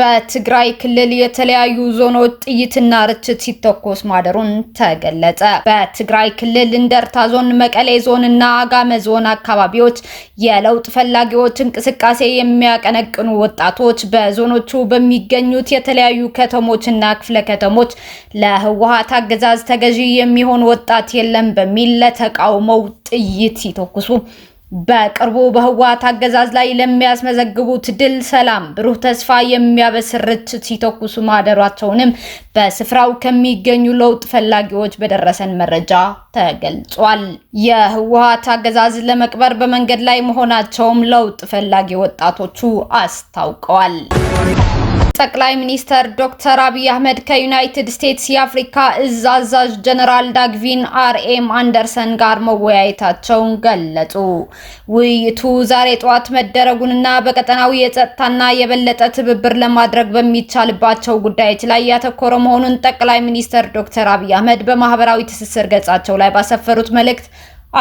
በትግራይ ክልል የተለያዩ ዞኖች ጥይትና ርችት ሲተኮስ ማደሩን ተገለጸ። በትግራይ ክልል እንደርታ ዞን፣ መቀሌ ዞን እና አጋመ ዞን አካባቢዎች የለውጥ ፈላጊዎች እንቅስቃሴ የሚያቀነቅኑ ወጣቶች በዞኖቹ በሚገኙት የተለያዩ ከተሞችና ክፍለ ከተሞች ለህወሓት አገዛዝ ተገዢ የሚሆን ወጣት የለም በሚል ለተቃውሞው ጥይት ሲተኩሱ በቅርቡ በህወሓት አገዛዝ ላይ ለሚያስመዘግቡት ድል ሰላም፣ ብሩህ ተስፋ የሚያበስር ርችት ሲተኩሱ ማደሯቸውንም በስፍራው ከሚገኙ ለውጥ ፈላጊዎች በደረሰን መረጃ ተገልጿል። የህወሓት አገዛዝ ለመቅበር በመንገድ ላይ መሆናቸውም ለውጥ ፈላጊ ወጣቶቹ አስታውቀዋል። ጠቅላይ ሚኒስተር ዶክተር አብይ አህመድ ከዩናይትድ ስቴትስ የአፍሪካ እዝ አዛዥ ጀነራል ዳግቪን አርኤም አንደርሰን ጋር መወያየታቸውን ገለጹ። ውይይቱ ዛሬ ጠዋት መደረጉንና በቀጠናዊ የጸጥታና የበለጠ ትብብር ለማድረግ በሚቻልባቸው ጉዳዮች ላይ ያተኮረ መሆኑን ጠቅላይ ሚኒስተር ዶክተር አብይ አህመድ በማህበራዊ ትስስር ገጻቸው ላይ ባሰፈሩት መልእክት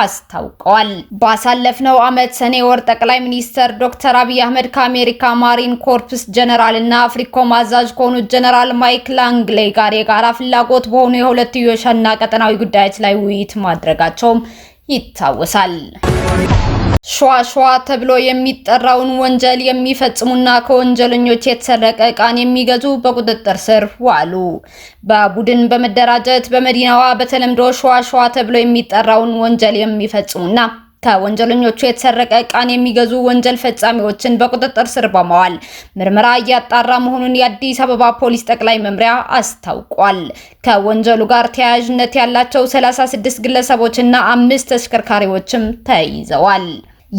አስታውቀዋል። ባሳለፍነው ዓመት ሰኔ ወር ጠቅላይ ሚኒስተር ዶክተር አብይ አህመድ ከአሜሪካ ማሪን ኮርፕስ ጀነራል እና አፍሪኮም አዛዥ ከሆኑት ጀነራል ማይክ ላንግሌይ ጋር የጋራ ፍላጎት በሆኑ የሁለትዮሽና ቀጠናዊ ጉዳዮች ላይ ውይይት ማድረጋቸውም ይታወሳል። ሸዋ ሸዋ ተብሎ የሚጠራውን ወንጀል የሚፈጽሙና ከወንጀለኞች የተሰረቀ እቃን የሚገዙ በቁጥጥር ስር ዋሉ። በቡድን በመደራጀት በመዲናዋ በተለምዶ ሸዋ ሸዋ ተብሎ የሚጠራውን ወንጀል የሚፈጽሙና ከወንጀለኞቹ የተሰረቀ እቃን የሚገዙ ወንጀል ፈጻሚዎችን በቁጥጥር ስር በመዋል ምርመራ እያጣራ መሆኑን የአዲስ አበባ ፖሊስ ጠቅላይ መምሪያ አስታውቋል። ከወንጀሉ ጋር ተያያዥነት ያላቸው 36 ግለሰቦችና አምስት ተሽከርካሪዎችም ተይዘዋል።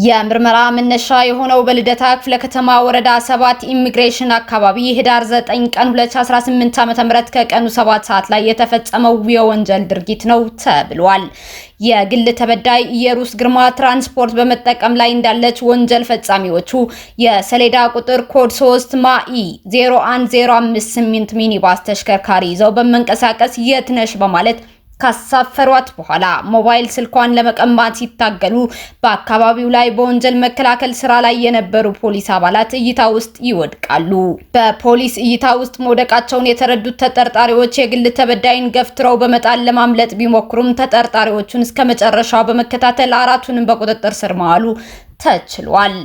የምርመራ መነሻ የሆነው በልደታ ክፍለ ከተማ ወረዳ 7 ኢሚግሬሽን አካባቢ ህዳር 9 ቀን 2018 ዓ.ም ከቀኑ 7 ሰዓት ላይ የተፈጸመው የወንጀል ድርጊት ነው ተብሏል። የግል ተበዳይ ኢየሩስ ግርማ ትራንስፖርት በመጠቀም ላይ እንዳለች ወንጀል ፈጻሚዎቹ የሰሌዳ ቁጥር ኮድ 3 ማኢ 01058 ሚኒባስ ተሽከርካሪ ይዘው በመንቀሳቀስ የትነሽ በማለት ካሳፈሯት በኋላ ሞባይል ስልኳን ለመቀማት ሲታገሉ በአካባቢው ላይ በወንጀል መከላከል ስራ ላይ የነበሩ ፖሊስ አባላት እይታ ውስጥ ይወድቃሉ። በፖሊስ እይታ ውስጥ መውደቃቸውን የተረዱት ተጠርጣሪዎች የግል ተበዳይን ገፍትረው በመጣል ለማምለጥ ቢሞክሩም ተጠርጣሪዎቹን እስከ መጨረሻው በመከታተል አራቱንም በቁጥጥር ስር መዋሉ ተችሏል።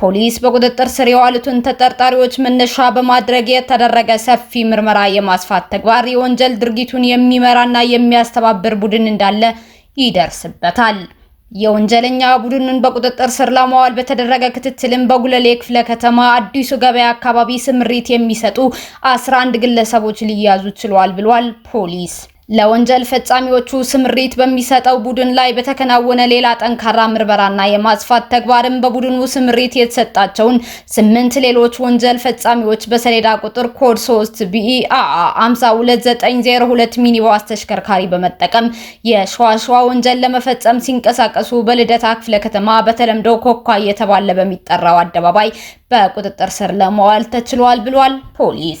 ፖሊስ በቁጥጥር ስር የዋሉትን ተጠርጣሪዎች መነሻ በማድረግ የተደረገ ሰፊ ምርመራ የማስፋት ተግባር የወንጀል ድርጊቱን የሚመራና የሚያስተባብር ቡድን እንዳለ ይደርስበታል። የወንጀለኛ ቡድኑን በቁጥጥር ስር ለማዋል በተደረገ ክትትልም በጉለሌ ክፍለ ከተማ አዲሱ ገበያ አካባቢ ስምሪት የሚሰጡ አስራ ግለሰቦች ሊያዙ ችሏል ብሏል ፖሊስ። ለወንጀል ፈጻሚዎቹ ስምሪት በሚሰጠው ቡድን ላይ በተከናወነ ሌላ ጠንካራ ምርመራና የማስፋት ተግባርም በቡድኑ ስምሪት የተሰጣቸውን ስምንት ሌሎች ወንጀል ፈጻሚዎች በሰሌዳ ቁጥር ኮድ 3 ቢኢአ 52902 ሚኒባስ ተሽከርካሪ በመጠቀም የሸዋሸዋ ወንጀል ለመፈጸም ሲንቀሳቀሱ በልደታ ክፍለ ከተማ በተለምዶ ኮኳ እየተባለ በሚጠራው አደባባይ በቁጥጥር ስር ለመዋል ተችሏል ብሏል ፖሊስ።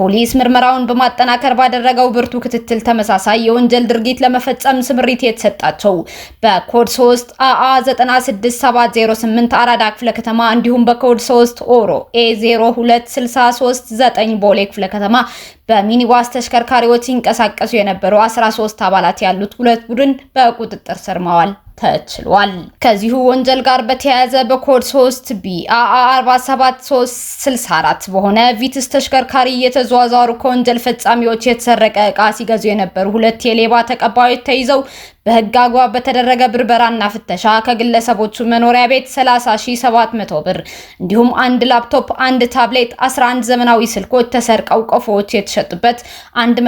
ፖሊስ ምርመራውን በማጠናከር ባደረገው ብርቱ ክትትል ተመሳሳይ የወንጀል ድርጊት ለመፈጸም ስምሪት የተሰጣቸው በኮድ 3 አአ 96708 አራዳ ክፍለ ከተማ እንዲሁም በኮድ 3 ኦሮ ኤ 02639 ቦሌ ክፍለ ከተማ በሚኒባስ ተሽከርካሪዎች ሲንቀሳቀሱ የነበሩ 13 አባላት ያሉት ሁለት ቡድን በቁጥጥር ስር መዋል ተችሏል። ከዚሁ ወንጀል ጋር በተያያዘ በኮድ 3 ቢ አአ 47364 በሆነ ቪትስ ተሽከርካሪ የተዘዋዛሩ ከወንጀል ፈጻሚዎች የተሰረቀ እቃ ሲገዙ የነበሩ ሁለት የሌባ ተቀባዮች ተይዘው በህግ አግባብ በተደረገ ብርበራና ፍተሻ ከግለሰቦቹ መኖሪያ ቤት 30700 ብር እንዲሁም አንድ ላፕቶፕ፣ አንድ ታብሌት፣ 11 ዘመናዊ ስልኮች ተሰርቀው ቆፎዎች የተሸጡበት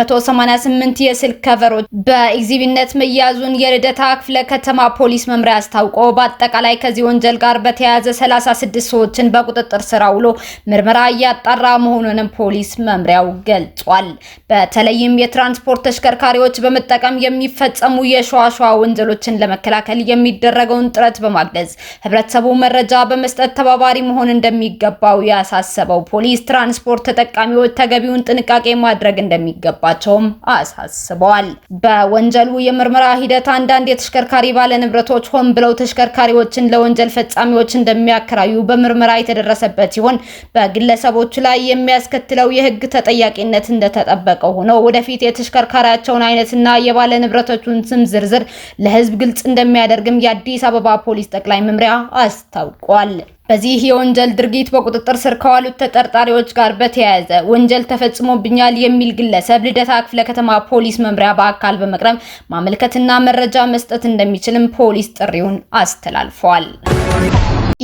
188 የስልክ ከቨሮች በኤግዚቢነት መያዙን የልደታ ክፍለ ከተማ ፖሊስ መምሪያ አስታውቆ በአጠቃላይ ከዚህ ወንጀል ጋር በተያያዘ 36 ሰዎችን በቁጥጥር ስር አውሎ ምርመራ እያጣራ መሆኑንም ፖሊስ መምሪያው ገልጿል። በተለይም የትራንስፖርት ተሽከርካሪዎች በመጠቀም የሚፈጸሙ የሸዋ አሸዋ ወንጀሎችን ለመከላከል የሚደረገውን ጥረት በማገዝ ህብረተሰቡ መረጃ በመስጠት ተባባሪ መሆን እንደሚገባው ያሳሰበው ፖሊስ ትራንስፖርት ተጠቃሚዎች ተገቢውን ጥንቃቄ ማድረግ እንደሚገባቸውም አሳስበዋል። በወንጀሉ የምርመራ ሂደት አንዳንድ የተሽከርካሪ ባለንብረቶች ሆን ብለው ተሽከርካሪዎችን ለወንጀል ፈጻሚዎች እንደሚያከራዩ በምርመራ የተደረሰበት ሲሆን በግለሰቦች ላይ የሚያስከትለው የህግ ተጠያቂነት እንደተጠበቀ ሆኖ ወደፊት የተሽከርካሪያቸውን አይነትና የባለንብረቶቹን ስም ዝርዝር ዝርዝር ለህዝብ ግልጽ እንደሚያደርግም የአዲስ አበባ ፖሊስ ጠቅላይ መምሪያ አስታውቋል። በዚህ የወንጀል ድርጊት በቁጥጥር ስር ከዋሉት ተጠርጣሪዎች ጋር በተያያዘ ወንጀል ተፈጽሞብኛል የሚል ግለሰብ ልደታ ክፍለ ከተማ ፖሊስ መምሪያ በአካል በመቅረብ ማመልከትና መረጃ መስጠት እንደሚችልም ፖሊስ ጥሪውን አስተላልፏል።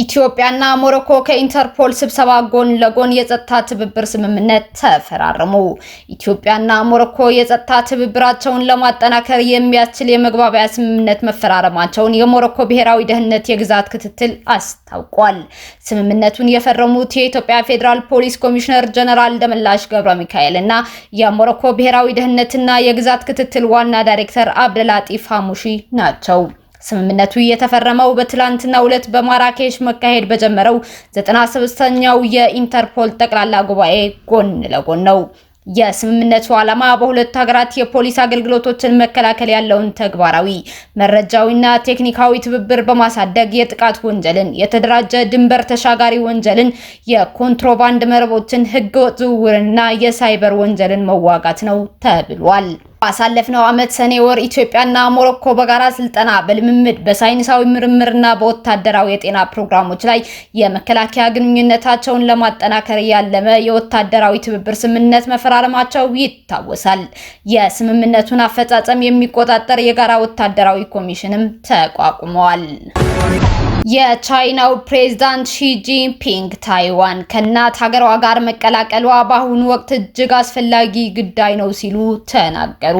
ኢትዮጵያና ሞሮኮ ከኢንተርፖል ስብሰባ ጎን ለጎን የጸጥታ ትብብር ስምምነት ተፈራረሙ። ኢትዮጵያና ሞሮኮ የጸጥታ ትብብራቸውን ለማጠናከር የሚያስችል የመግባቢያ ስምምነት መፈራረማቸውን የሞሮኮ ብሔራዊ ደህንነት የግዛት ክትትል አስታውቋል። ስምምነቱን የፈረሙት የኢትዮጵያ ፌዴራል ፖሊስ ኮሚሽነር ጀነራል ደመላሽ ገብረ ሚካኤል እና የሞሮኮ ብሔራዊ ደህንነትና የግዛት ክትትል ዋና ዳይሬክተር አብደላጢፍ ሐሙሺ ናቸው። ስምምነቱ የተፈረመው በትላንትናው ዕለት በማራኬሽ መካሄድ በጀመረው 96ኛው የኢንተርፖል ጠቅላላ ጉባኤ ጎን ለጎን ነው። የስምምነቱ ዓላማ በሁለቱ ሀገራት የፖሊስ አገልግሎቶችን መከላከል ያለውን ተግባራዊ መረጃዊና ቴክኒካዊ ትብብር በማሳደግ የጥቃት ወንጀልን፣ የተደራጀ ድንበር ተሻጋሪ ወንጀልን፣ የኮንትሮባንድ መረቦችን፣ ህገወጥ ዝውውርንና የሳይበር ወንጀልን መዋጋት ነው ተብሏል። ባሳለፍነው ዓመት ሰኔ ወር ኢትዮጵያና ሞሮኮ በጋራ ስልጠና በልምምድ በሳይንሳዊ ምርምርና በወታደራዊ የጤና ፕሮግራሞች ላይ የመከላከያ ግንኙነታቸውን ለማጠናከር ያለመ የወታደራዊ ትብብር ስምምነት መፈራረማቸው ይታወሳል። የስምምነቱን አፈጻጸም የሚቆጣጠር የጋራ ወታደራዊ ኮሚሽንም ተቋቁመዋል። የቻይናው ፕሬዝዳንት ሺጂንፒንግ ታይዋን ከእናት ሀገሯ ጋር መቀላቀሏ በአሁኑ ወቅት እጅግ አስፈላጊ ጉዳይ ነው ሲሉ ተናገሩ።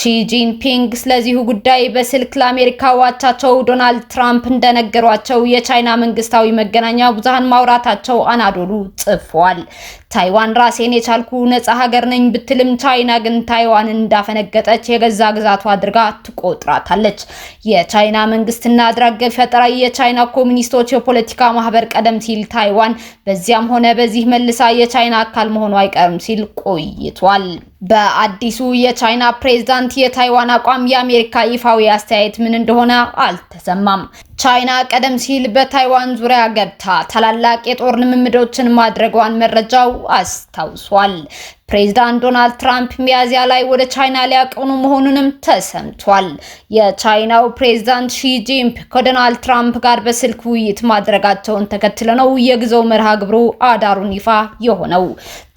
ሺጂንፒንግ ስለዚሁ ጉዳይ በስልክ ለአሜሪካ ዋቻቸው ዶናልድ ትራምፕ እንደነገሯቸው የቻይና መንግስታዊ መገናኛ ብዙሃን ማውራታቸው አናዶሉ ጽፏል። ታይዋን ራሴን የቻልኩ ነጻ ሀገር ነኝ ብትልም ቻይና ግን ታይዋን እንዳፈነገጠች የገዛ ግዛቷ አድርጋ ትቆጥራታለች። የቻይና መንግስትና አድራጊ ፈጠራ የቻይና ኮሚኒስቶች የፖለቲካ ማህበር ቀደም ሲል ታይዋን በዚያም ሆነ በዚህ መልሳ የቻይና አካል መሆኑ አይቀርም ሲል ቆይቷል። በአዲሱ የቻይና ፕሬዝዳንት የታይዋን አቋም የአሜሪካ ይፋዊ አስተያየት ምን እንደሆነ አልተሰማም። ቻይና ቀደም ሲል በታይዋን ዙሪያ ገብታ ታላላቅ የጦር ልምምዶችን ማድረጓን መረጃው አስታውሷል። ፕሬዚዳንት ዶናልድ ትራምፕ ሚያዝያ ላይ ወደ ቻይና ሊያቀኑ መሆኑንም ተሰምቷል። የቻይናው ፕሬዚዳንት ሺጂንፒንግ ከዶናልድ ትራምፕ ጋር በስልክ ውይይት ማድረጋቸውን ተከትሎ ነው የጉዞው መርሃ ግብሩ አዳሩን ይፋ የሆነው።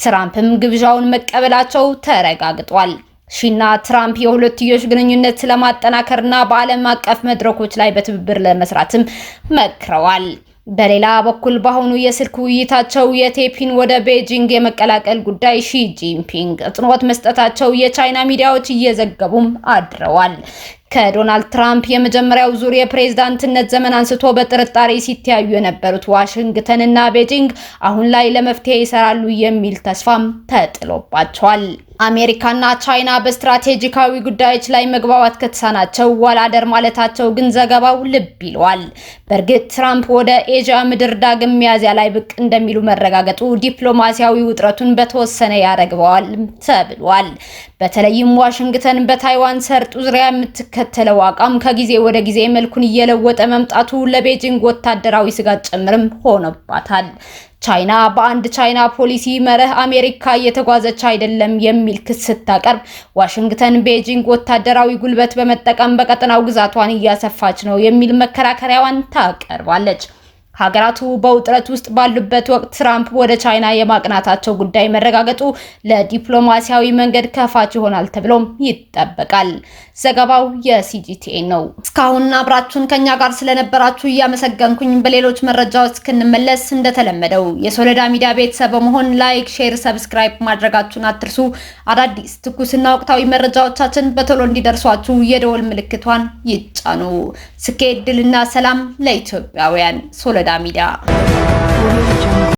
ትራምፕም ግብዣውን መቀበላቸው ተረጋግጧል። ሺና ትራምፕ የሁለትዮሽ ግንኙነት ለማጠናከርና በዓለም አቀፍ መድረኮች ላይ በትብብር ለመስራትም መክረዋል። በሌላ በኩል በአሁኑ የስልክ ውይይታቸው የቴፒን ወደ ቤጂንግ የመቀላቀል ጉዳይ ሺ ጂንፒንግ አጽንኦት መስጠታቸው የቻይና ሚዲያዎች እየዘገቡም አድረዋል። ከዶናልድ ትራምፕ የመጀመሪያው ዙር የፕሬዝዳንትነት ዘመን አንስቶ በጥርጣሬ ሲተያዩ የነበሩት ዋሽንግተን እና ቤጂንግ አሁን ላይ ለመፍትሄ ይሰራሉ የሚል ተስፋም ተጥሎባቸዋል። አሜሪካና ቻይና በስትራቴጂካዊ ጉዳዮች ላይ መግባባት ከተሳናቸው ዋላደር ማለታቸው ግን ዘገባው ልብ ይለዋል። በእርግጥ ትራምፕ ወደ ኤዥያ ምድር ዳግም ሚያዝያ ላይ ብቅ እንደሚሉ መረጋገጡ ዲፕሎማሲያዊ ውጥረቱን በተወሰነ ያረግበዋል ተብሏል። በተለይም ዋሽንግተን በታይዋን ሰርጡ ዙሪያ የምትከ የሚከተለው አቋም ከጊዜ ወደ ጊዜ መልኩን እየለወጠ መምጣቱ ለቤጂንግ ወታደራዊ ስጋት ጭምርም ሆኖባታል። ቻይና በአንድ ቻይና ፖሊሲ መርህ አሜሪካ እየተጓዘች አይደለም የሚል ክስ ስታቀርብ ዋሽንግተን ቤጂንግ ወታደራዊ ጉልበት በመጠቀም በቀጠናው ግዛቷን እያሰፋች ነው የሚል መከራከሪያዋን ታቀርባለች። ሀገራቱ በውጥረት ውስጥ ባሉበት ወቅት ትራምፕ ወደ ቻይና የማቅናታቸው ጉዳይ መረጋገጡ ለዲፕሎማሲያዊ መንገድ ከፋች ይሆናል ተብሎም ይጠበቃል። ዘገባው የሲጂቲኤን ነው። እስካሁን አብራችሁን ከኛ ጋር ስለነበራችሁ እያመሰገንኩኝ በሌሎች መረጃዎች እስክንመለስ እንደተለመደው የሶለዳ ሚዲያ ቤተሰብ በመሆን ላይክ፣ ሼር፣ ሰብስክራይብ ማድረጋችሁን አትርሱ። አዳዲስ ትኩስና ወቅታዊ መረጃዎቻችን በቶሎ እንዲደርሷችሁ የደወል ምልክቷን ይጫኑ። ስኬት፣ ድልና ሰላም ለኢትዮጵያውያን ሶለዳ 涙。